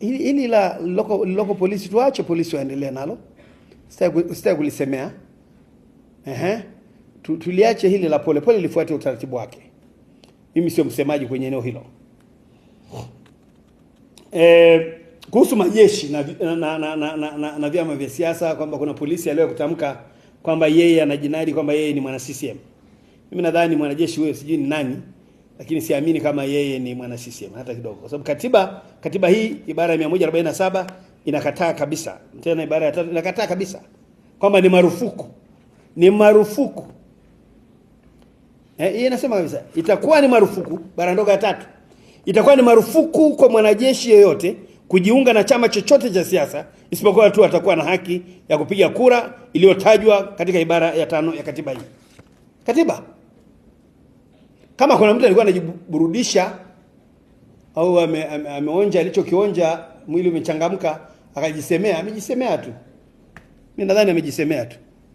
hili la loko, loko polisi, tuache polisi waendelee nalo, sitaki kulisemea. Ehe, tuliache hili la polepole lifuate utaratibu wake. Mimi sio msemaji kwenye eneo hilo. E, kuhusu majeshi na, na, na, na, na, na, na vyama vya siasa kwamba kuna polisi aliyewahi kutamka kwamba yeye anajinadi kwamba yeye ni mwana CCM. Mimi nadhani mwanajeshi huyo sijui ni nani lakini siamini kama yeye ni mwana CCM hata kidogo, kwa sababu katiba katiba hii ibara ya 147 inakataa kabisa, tena ibara ya tatu inakataa kabisa kwamba ni marufuku, ni marufuku eh, yeye anasema kabisa itakuwa ni marufuku. Bara ndogo ya tatu itakuwa ni marufuku kwa mwanajeshi yeyote kujiunga na chama chochote cha siasa isipokuwa tu atakuwa na haki ya kupiga kura iliyotajwa katika ibara ya tano ya katiba hii katiba kama kuna mtu alikuwa anajiburudisha au ameonja alichokionja, mwili umechangamka, akajisemea, amejisemea tu. Mimi nadhani amejisemea tu.